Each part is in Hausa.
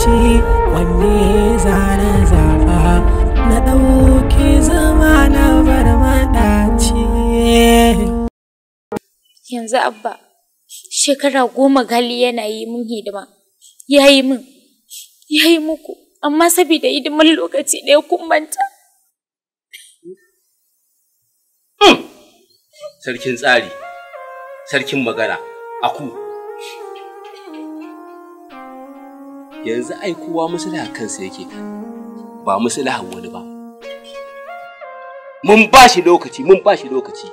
ce wanne zana zafa na ɗauki zama na bar maɗaci. Yanzu abba, shekara goma gali yana yi min hidima, ya yi min, ya yi muku, amma saboda hidiman lokaci ɗaya kun manta. Hmm. Sarkin tsari, sarkin magana, aku. yanzu ai kowa musulaha kansa yake ba musulahan wani ba mun ba shi lokaci mun ba shi lokaci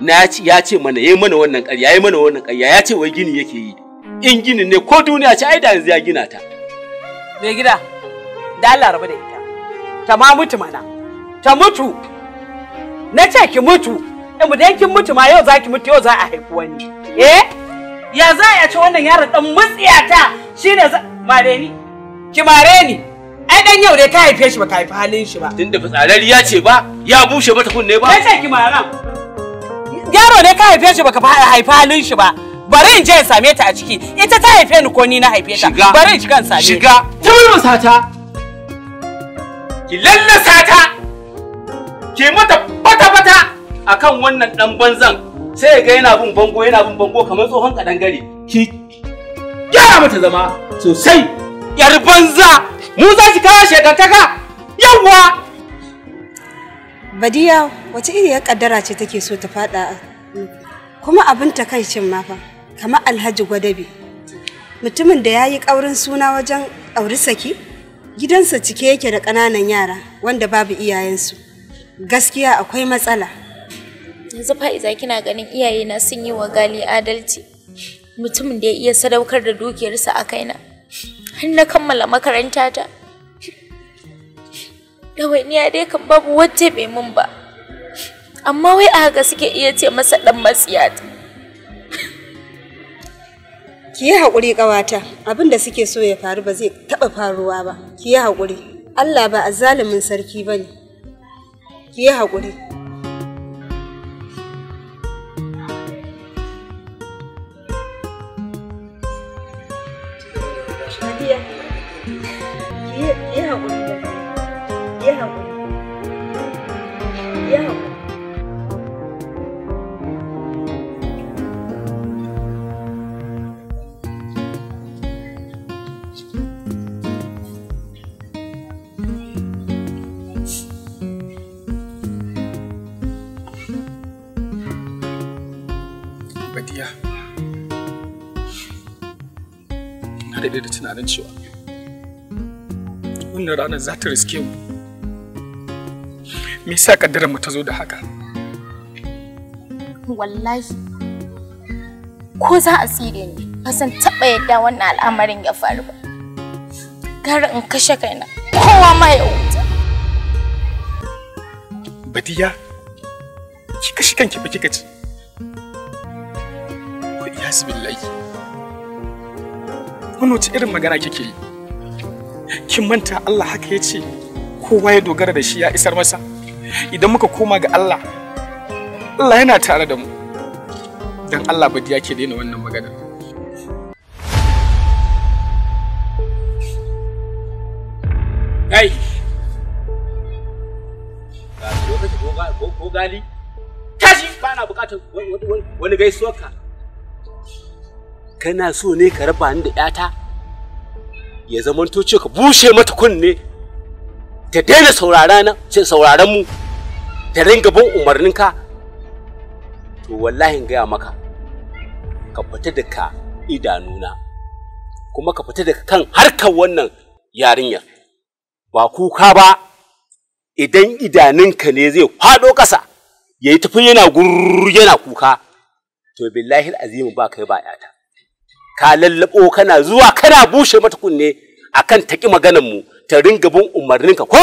na ci ya ce mana yayi mana wannan ƙarya yayi mana wannan ƙarya ya ce wai gini yake yi in ginin ne ko duniya ce ai da yanzu ya gina ta me gida da Allah rabu da ita ta ma mutu mana ta mutu na ce ki mutu in eh, idan kin mutu ma yau za ki mutu yau za a haifi wani eh ya za a ce wannan yaron dan matsiyata shine mare ni ki mare ni ai dan yau dai ka haife shi ba ka haifi halin shi ba tunda ya ce ba ya bushe mata kunne ba sai ki mara yaro ne ka haife shi ba ka haifi halin shi ba bari in je in same ta a ciki ita ta haife ni ko ni na haife ta bari in shiga in same shiga ta mulmusa ta ki lallasa ta ki mata bata bata akan wannan dan banzan sai ga yana bin bango yana bin bango kamar tsohon kadangare. ki gyara mata zama sosai yar banza mu za ki kawo shekantaka yawwa badiya wace iriyar kaddara ce take so ta fada kuma abin ta cin ma fa kamar alhaji gwadabe mutumin da ya yi ƙaurin suna wajen auri saki gidansa cike yake da ƙananan yara wanda babu iyayensu gaskiya akwai matsala yanzu fa'iza kina ganin iyayena sun yi wa gali adalci mutumin da ya iya sadaukar da dukiyarsa a kaina har na kammala makaranta ta ɗawainiya dai kan babu wacce bai mun ba amma wai a haka suke iya ce masa ɗan matsiyata ki yi haƙuri ƙawata abin da suke so ya faru ba zai taɓa faruwa ba ki yi haƙuri allah ba a zalimin sarki ba ne ki yi haƙuri yi haƙuri yi daidai da tunanin cewa wannan ranar za ta riske mu me yasa kaddarar mu ta zo da haka wallahi ko za a tsire ni ba san taɓa yadda wannan al'amarin ya faru ba gara in kashe kaina kowa ma ya wuta badiya ki kashi kanki ba kika ci ya billahi wani wace irin magana kike yi kin manta Allah haka ya ce kowa ya dogara da shi ya isar masa idan muka koma ga Allah Allah yana tare da mu dan Allah badi ke daina wannan magana kai ko gali tashi ba na wani kana so ne ka raba ni da 'yata ya zamanto ce ka bushe mata kunne ta daina sauraron mu ta ringa bin umarninka to wallahi gaya maka ka fita da ka idanuna kuma ka fita da kan harkar wannan yarinyar ba kuka ba idan idanunka ne zai faɗo ƙasa ya yi tafi yana gurur yana kuka to billahi azimu ba kai ba ta ka lallaɓo kana zuwa kana bushe mata kunne akan taƙi maganar mu ta ringa bin umarninka ko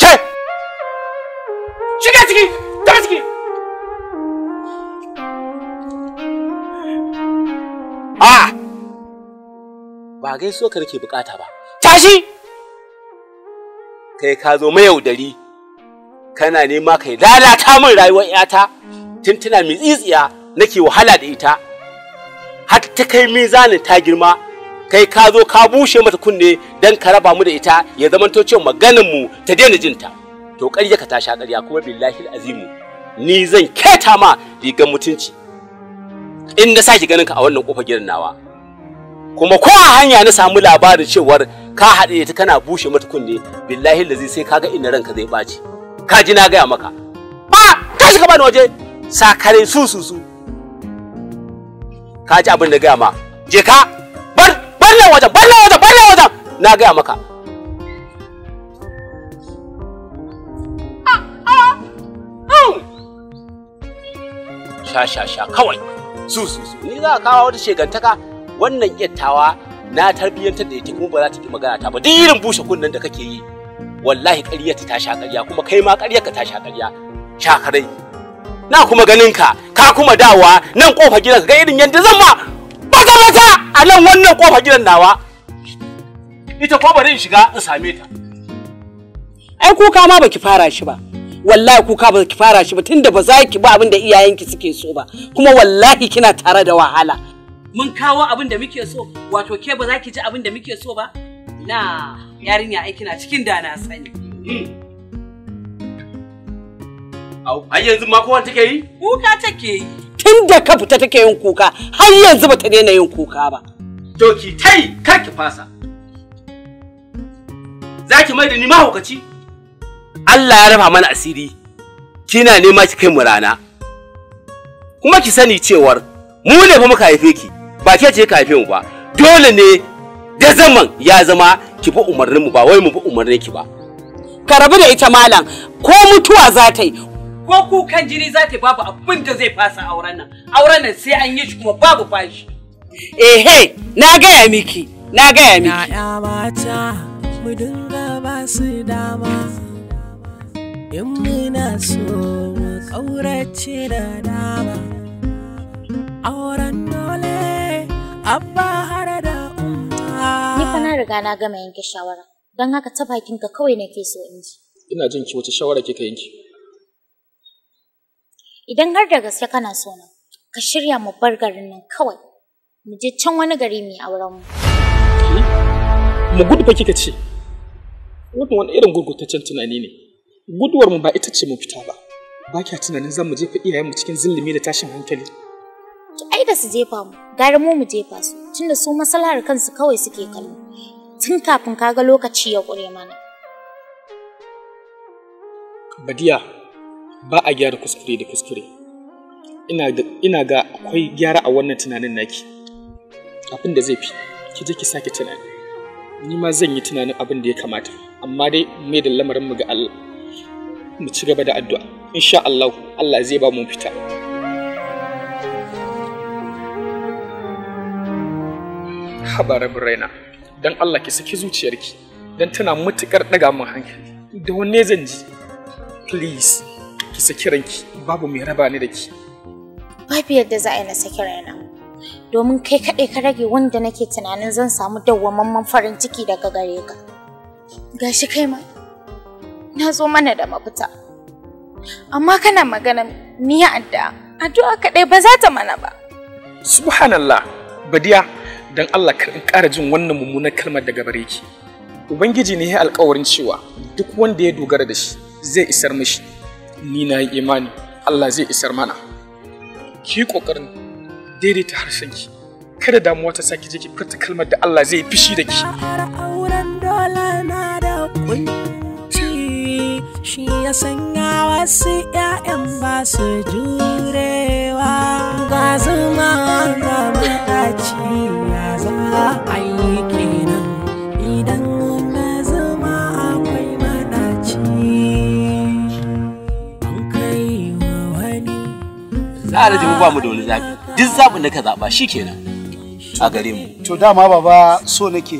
ke shiga ciki daga ciki a ba gaiso ka nake bukata ba tashi kai ka zo yaudari kana nema kai lalata min rayuwar 'yata tun tana mai tsitsiya nake wahala da ita har ta kai mizanin ta girma kai ka zo ka bushe mata kunne dan ka raba mu da ita ya zamanto cewa maganar mu ta daina jinta to ƙarya ka tasha sha ƙarya kuma billahi azimu ni zan keta ma rigar mutunci in na saki ganin ka a wannan kofar gidan nawa kuma ko a hanya na samu labarin cewar ka haɗe ta kana bushe mata kunne billahi lazi sai kaga ina ranka zai ɓaci ka ji na gaya maka ba ta shiga bani waje sakare su su su ka ji abin da gaya ma je ka wajen ban wajen ban wajen na gaya maka sha sha sha kawai su su su ni za ka kawo wata shegantaka wannan yattawa na tarbiyyantar da ita kuma ba za ta ki magana ta ba duk irin bushe kunnen da kake yi wallahi ƙarya ta sha ƙarya kuma kai ma ƙaryar ka ta sha ƙarya sha karai na kuma ganin ka ka kuma dawa nan kofa gidan ga irin yadda zan ma baka wata a nan wannan kofa gidan nawa ita ko bari in shiga in same ta ai kuka ma baki fara shi ba wallahi kuka ba ki fara shi ba tunda ba za ki ba abin da iyayenki suke so ba kuma wallahi kina tare da wahala mun kawo abin da muke so wato ke ba za ki ji abin da muke so ba na yarinya ai kina cikin da na sani Au, ai yanzu ma kowa take yi? Kuka take yi. tun da ka fita take yin kuka har yanzu bata daina yin kuka ba doki tai kar ki fasa za ki mai da ni mahaukaci Allah ya raba mana asiri kina nema ki kai mu rana kuma ki sani cewar mu ne fa muka haife ki ba ke ce ka haife mu ba dole ne da zaman ya zama ki bi umarnin mu ba wai mu bi umarnin ki ba ka rabu da ita malam ko mutuwa za ta yi ko kukan jini za ta babu abin da zai fasa auren nan auren nan sai an yi shi kuma babu fashi ehe na gaya miki na gaya miki ya mata mu dinga ba su dama in muna so mu kaurace da dama auren dole abba har da umma ni fa na riga na gama yanke shawara don haka ta bakinka kawai nake so in ji ina jin ki wace shawara kika yanke idan har da gaske kana so na ka shirya mu bar garin nan kawai mu je can wani gari mai auren mu mu gudu fa kika ce wannan wani irin gurgurtaccen tunani ne guduwar mu ba ita ce mu fita ba ba kya tunanin zan mu jefa iyayen mu cikin zillimi da tashin hankali to ai da su jefa mu gara mu mu jefa su tunda su maslahar kansu kawai suke kallo tun kafin kaga lokaci ya ƙure mana badiya ba a gyara kuskure da kuskure ina ga akwai gyara a wannan tunanin naki abin da zai fi ki je ki sake tunani ni ma zan yi tunanin abin da ya kamata amma dai mai da lamarin mu ga Allah mu ci gaba da addu'a insha Allah Allah zai ba mu fita habar rabin raina don Allah ki saki zuciyarki don tana matukar ɗaga mun hankali da wanne zan ji please ki saki ranki babu mai raba ni da ki babu yadda za a yi na saki raina domin kai kaɗai ka rage wanda nake tunanin zan samu dawwamamman farin ciki daga gare ka gashi kai ma na zo mana da mafita amma kana magana ya adda addu'a kaɗai ba za ta mana ba subhanallah badiya don Allah kar in ƙara jin wannan mummunar kalmar daga bare ki ubangiji ne ya alƙawarin cewa duk wanda ya dogara da shi zai isar mishi ni na yi imani Allah zai isar mana ki yi ƙoƙarin daidaita harshenki kada damuwa ta saki ki furta kalmar da Allah zai fishi da ki shi ya sanya wasu ‘ya'yan ba su jurewa ga zuma ga mataci ya zama ayyuki da mu ba mu da wani zabi. Duk zabin da ka zaba shikenan. A gare mu. To dama baba so nake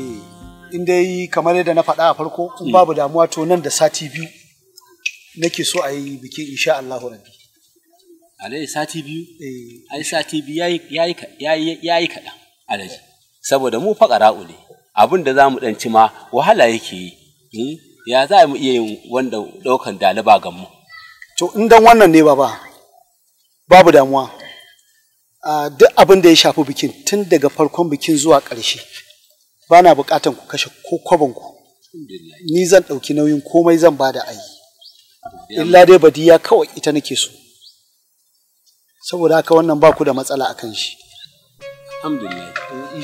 in dai kamar yadda na faɗa a farko in babu damuwa to nan da sati biyu nake so a yi bikin insha Allahu rabbi. Alhaji sati biyu? Eh. Ai sati biyu yayi yayi yayi kaɗan Alhaji. Saboda mu faƙara'u ne. Abin da za mu ɗanci ma wahala yake yi. Hmm? Ya za mu iya yin wanda ɗaukan daliba ga mu. To in dan wannan ne baba babu damuwa ah, duk abin da ya shafi bikin tun daga farkon bikin zuwa ƙarshe ba na buƙatan ku kashe ko kwaban ku ni zan ɗauki nauyin komai zan ba da ayi illa dai badiya kawai ita nake so saboda haka wannan ba ku da matsala akan shi eh,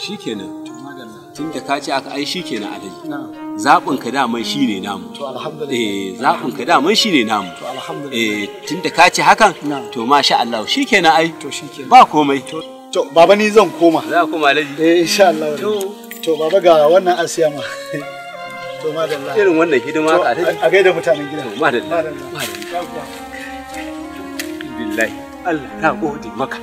shikenan tun da ka ce aka ai shikenan zaɓin ka daman shi ne namu eh zaɓin ka daman shi ne namu eh tun da ka ce hakan to masha Allah shi kenan ai ba komai to baba ni zan koma za koma laji eh insha Allah to baba ga wannan asiya ma to madalla irin wannan hidima ka a gaida mutanen gida madalla madalla billahi Allah ta gode maka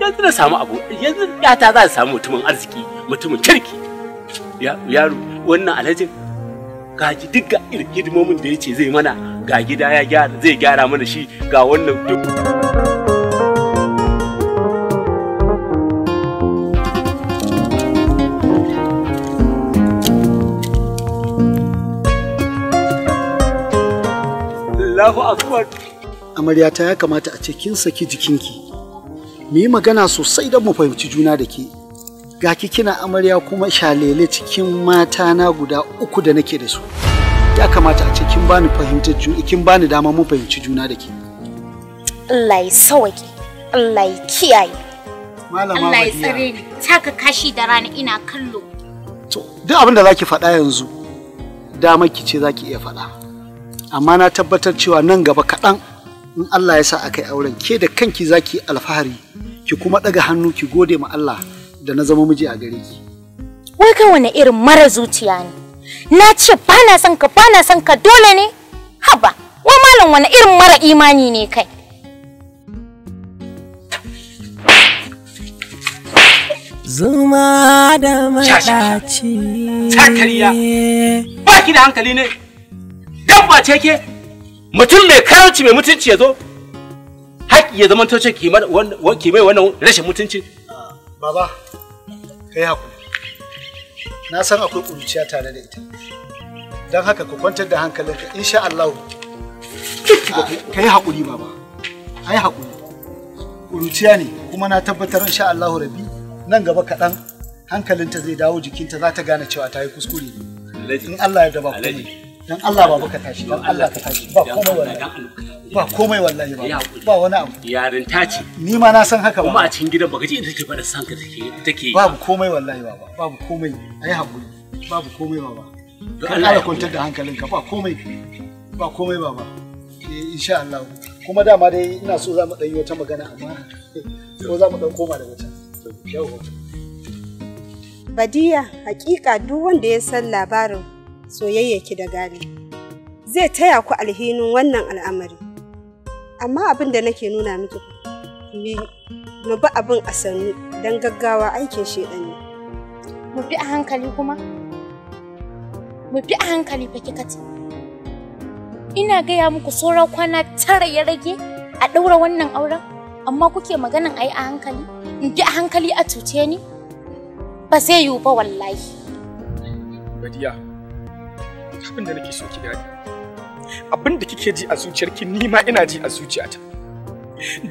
yanzu na samu abu yanzu ya ta za samu mutumin arziki mutumin kirki yaro wannan alhajin gaji irin hidimomin da ya ce zai mana ga gida ya gyara zai gyara mana shi ga wannan duk amaryata ya kamata a ce kin saki jikinki mu yi magana sosai don mu fahimci juna da ke ga kina amarya kuma shalele cikin mata na guda uku da nake da su ya kamata a ce kin bani fahimtar juna kin bani dama mu fahimci juna da ke Allah ya sauke Allah ya kiyaye malama Allah ya tsare ni taka kashi da rana ina kallo to duk abin da zaki faɗa yanzu dama ki ce zaki iya faɗa amma na tabbatar cewa nan gaba kaɗan in Allah ya sa akai auren ke da kanki zaki alfahari ki kuma ɗaga hannu ki gode ma Allah da na zama miji a gare ki wai kai wani irin mara zuciya ne na ce ba na son ka ba na son ka dole ne haba wai malam wani irin mara imani ne kai zuma da maɗaci Takariya, ba ki da hankali ne dabba ce ke mutum mai karanci mai mutunci ya zo haƙƙi ya zama toce ki mai wannan rashin mutunci baba kai hakuri na san akwai ƙuruciya tare da ita don haka ku kwantar da hankalinka insha Allah ka yi haƙuri baba a yi haƙuri ƙuruciya ne kuma na tabbatar insha Allah rabi nan gaba kaɗan hankalinta zai dawo jikinta za ta gane cewa ta yi kuskure in Allah ya daba ku ne dan Allah ba baka tashi dan Allah ka tashi ba komai wallahi ba komai wallahi ba ba wani abu yarinta ce ni ma na san haka ba kuma a cikin gidan baka ji inda take fara san ka take take babu komai wallahi ba babu komai ai hakuri babu komai ba ba dan Allah ka kwantar da hankalinka ba komai ba komai ba ba eh, insha Allah kuma dama dai ina so za mu dan yi wata magana amma ko za mu dan koma daga can yau Badiya hakika duk wanda ya san labarin soyayyaki da gane zai taya ku alhinin wannan al'amari amma abin da nake nuna miki mu bi abin a sannu don gaggawa aikin shedan ne mu bi a hankali kuma mu bi a hankali fa kika ina gaya muku tsoron kwana tara ya rage a ɗaura wannan auren amma kuke maganan yi a hankali in bi a hankali a cuce ni ba zai yiwu ba wallahi Badiya, abin da nake so ki gane abin da kike ji a zuciyarki ni ma ina ji a zuciyata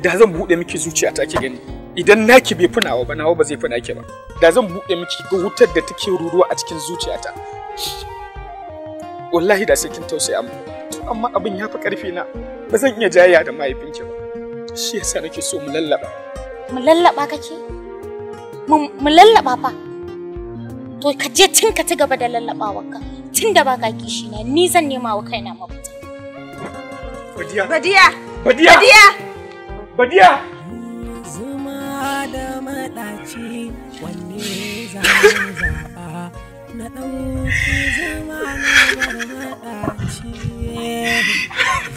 da zan buɗe miki zuciyata ki gani idan naki bai funawa ba nawa ba zai funa ki ba da zan buɗe miki ga wutar da take ruruwa a cikin zuciyata wallahi da sai kin tausaya mu amma abin ya fi karfi na ba zan iya jayayya da mahaifinki ba shi yasa nake so mu lallaba mu lallaba kake mu lallaba fa to ka je tun ka ci gaba da lallabawarka tun da baka kishi na ni zan nema wa kaina mafita badiya badiya badiya badiya badiya zuma da madaci wanne za zaba na dauki zuma na madaci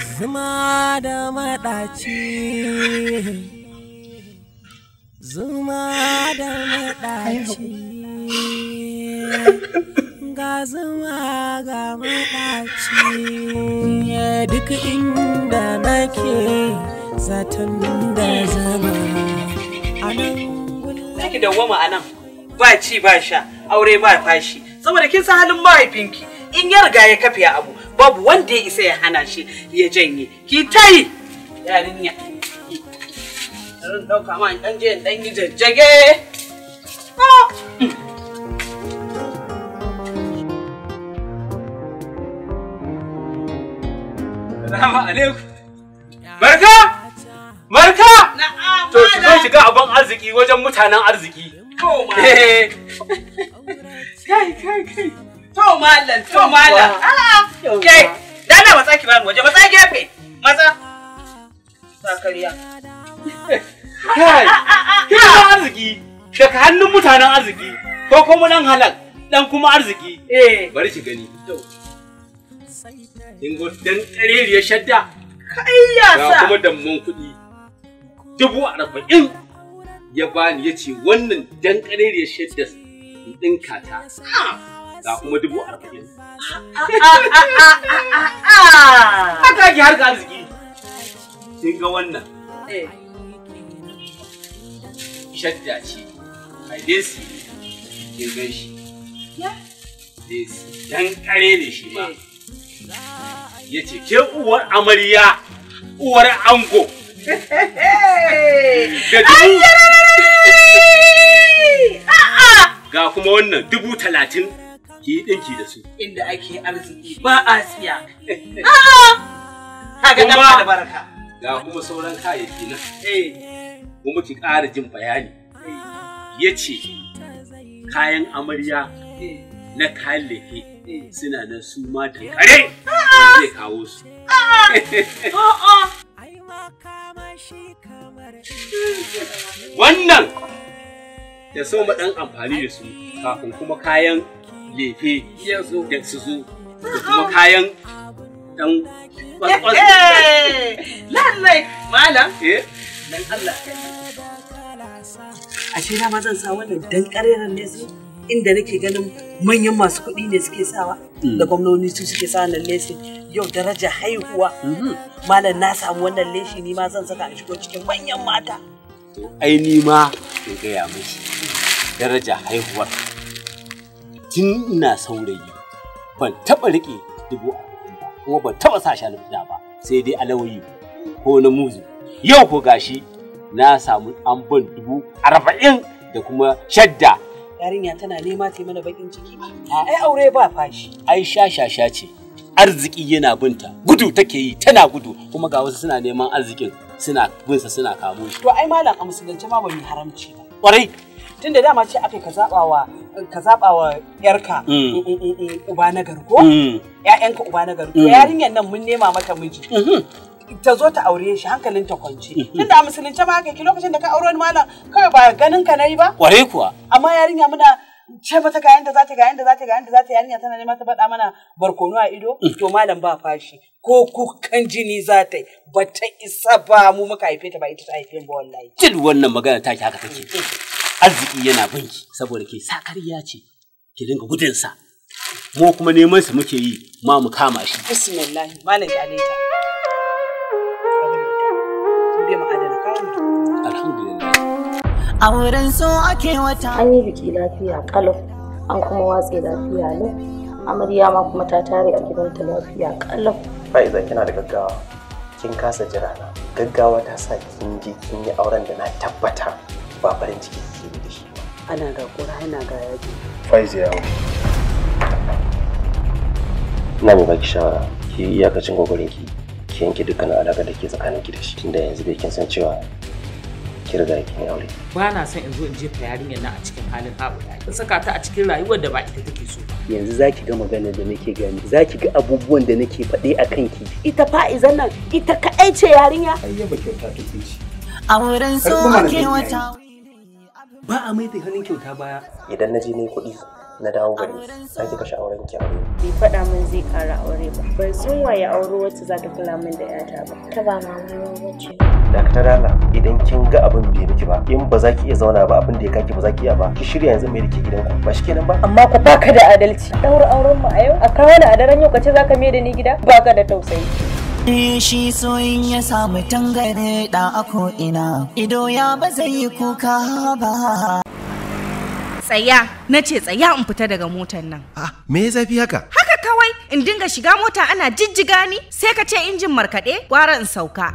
zuma da madaci zuma da madaci ga zama ga maɗaci ya duk inda nake zaton da zama a nan Zaki dawwama a nan ba ci ba sha aure ba fashi saboda kin san halin mahaifinki in ya riga ya kafe abu babu wanda ya isa ya hana shi ya janye ki tai yarinya ɗauka ma ɗan je ɗan yi jajjage Assalamu alaikum. Barka! Barka! To shiga abin arziki wajen mutanen arziki. To Kai kai kai. To to Kai, dana Kai. arziki. Daga hannun mutanen arziki. Ko kuma dan halal, dan kuma arziki. Eh. Bari ki gani. in go dan ya shadda kai ya sa kuma damman kuɗi dubu arba'in ya bani ya ce wannan dan ya shadda in ɗinka ta ga kuma dubu arba'in haka ki har ga arziki kin ga wannan eh. shadda ce ai desi kin gan shi desi dan kare ne shi ma eh. ya ce ke uwar amarya uwar ango ga kuma wannan dubu talatin ki yi ɗinki da su inda ake arziki ba a siya ga kuma sauran kayayyaki nan kuma ki ƙara jin bayani ya ce kayan amarya na kayan leke suna nan su ma da kare zai ah! kawo su ah! uh-uh. wannan da so ma dan amfani da su kafin kuma kayan lefe da su zo da kuma uh-uh. kayan dan kwaskwas eh, eh. lallai malam eh? dan Allah ashe na ma zan sa wannan dan karerar ne su inda nake ganin manyan masu kuɗi ne suke sawa Mm. da gwamnoni su suke sa wannan lesi. yau daraja haihuwa mm-hmm. malam na samu wannan leshi ni ma zan saka a shigo cikin manyan mata to ai ni ma ke gaya mishi daraja haihuwar tun ina saurayi ban taɓa rike dubu arba'in ba kuma ban taɓa sa shi alfida ba sai dai alawayi ko na muzu yau ko gashi na samu an ban dubu arba'in da kuma shadda yarinya tana nema ta mana bakin ciki ai aure ba fashi ai shashasha ce arziki yana binta gudu take yi tana gudu kuma ga wasu suna neman arzikin suna binsa suna kamo shi to ai malam a musulunci ma ba mu haramci ba kwarai tunda dama ce aka ka zaba wa ka zaba yarka mm. mm, mm, uba na garko ƴaƴanka uba na garko yarinyar nan mun nema mata miji mm-hmm. ta zo ta aure shi hankalin ta kwance tunda a musulunce ma haka ki lokacin da ka aure wani malam kawai ba ganin ka nayi ba kware kuwa amma yarinya muna ce mata ga yanda za ta ga yanda za ta ga yanda za ta yarinya tana neman ta faɗa mana barkono a ido to malam ba fashi ko kukan jini za ta yi ba ta isa ba mu muka haife ta ba ita ta haife ba wallahi jil wannan magana ta ki haka take arziki yana banki saboda ke sa ce ki dinga gudun sa mu kuma neman sa muke yi ma mu kama shi bismillah malam ya a wurin su ake wata an yi biki lafiya kalau an kuma watse lafiya lau amarya ma kuma ta tare a gidanta lafiya kalau fa'iza kina da gaggawa kin kasa jira na gaggawa ta sa kin je kin yi auren da na tabbata ba farin ciki ke da shi ana ga kura ana ga yaji faiza yawo na mai baki shawara ki iyakacin gwagwarin ki ki yanke dukkan alaƙar da ke tsakanin ki da shi tunda yanzu bai kin san cewa ki riga aure ba na son in zo in jefa yarinyar nan a cikin halin haɓuya in saka ta a cikin rayuwar da ba ita take so yanzu za ki ga maganar da nake gani Za ki ga abubuwan da nake faɗe a kan ki. ita fa'izan nan ita kaɗai ce yarinya ba kyauta ta ce a wurin so ke wata ba a mai da hannun kyauta baya idan na je ne kuɗi na dawo gari za ki kashe auren ki aure. Bai faɗa min zai ƙara aure ba. Ban san waye auro wacce za ta kula min da 'yata ba. Ta ba mama wacce. dakatar Allah idan kin ga abin bai miki ba in ba za ki iya zauna ba abin da ya kaki ba za ki iya ba ki shirya yanzu mai dake gidan gidanku ba shi kenan ba amma ku baka da adalci daura auren mu a yau a kawo ni a daren yau kace zaka mai da ni gida baka da tausayi eh, shi soyin ya samu tangare da ako ina ido ya ba zai yi kuka ba tsaya na ce tsaya in fita daga motar nan ah me ya zafi haka haka kawai in dinga shiga mota ana jijjiga ni sai ka ce injin markaɗe gwara in sauka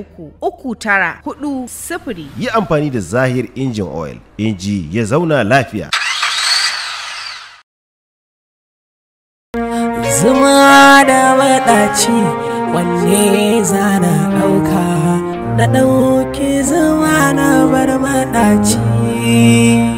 uku uku tara hudu sifiri. Yi amfani da Zahir injin oil, inji ya zauna lafiya. Zuma da maɗaci wanne zana ɗauka, na ɗauki zuma na bar maɗaci.